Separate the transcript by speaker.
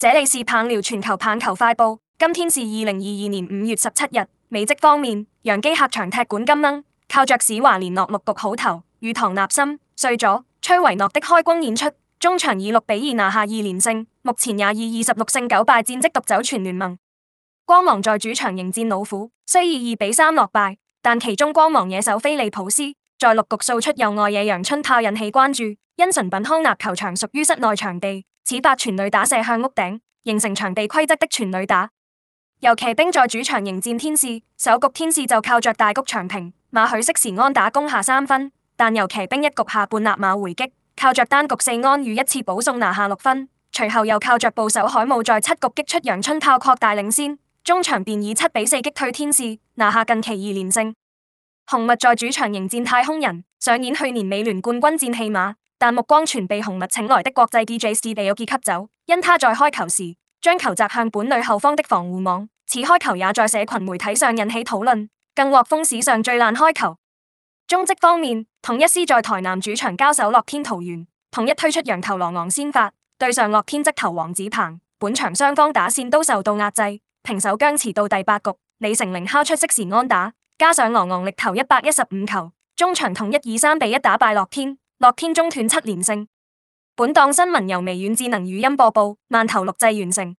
Speaker 1: 這裏是棒聊全球棒球快報，今天是二零二二年五月十七日。美職方面，楊基客場踢館金鶯，靠着史華連諾六局好投，與唐納森、瑞佐、崔維諾的開轟演出，終場以六比二拿下二連勝。目前也以二十六勝九敗戰績獨走全聯盟。光芒在主場迎戰老虎，雖以二比三落敗，但其中光芒野手菲利普斯在六局掃出右外野陽春炮引起關注。因純品康納球場屬於室內場地。此發全壘打射向屋頂，形成場地規則的全壘打。遊騎兵在主場迎戰天使，首局天使就靠着大谷翔平、馬許適時安打攻下三分，但遊騎兵一局下半立馬回擊，靠着單局四安與一次保送拿下六分，隨後又靠着捕手海姆在七局擊出陽春炮擴大領先，終場便以七比四擊退天使，拿下近期二連勝。紅襪在主場迎戰太空人，上演去年美聯冠，冠軍戰戲碼。但目光全被紅襪請來的國際 DJ 是被有結吸走，因他在開球時將球砸向本壘後方的防護網。此開球也在社群媒體上引起討論，更獲封史上最爛開球。中職方面，統一獅在台南主場交手樂天桃猿，統一推出洋投狼昂先發，對上樂天即投黃子鵬。本場雙方打線都受到壓制，平手僵持到第八局，李成玲敲出適時安打，加上狼昂力投一百一十五球，中場統一以三比一打敗樂天。樂天中斷七連勝，本檔新聞由微軟智能語音播報，饅頭錄製完成。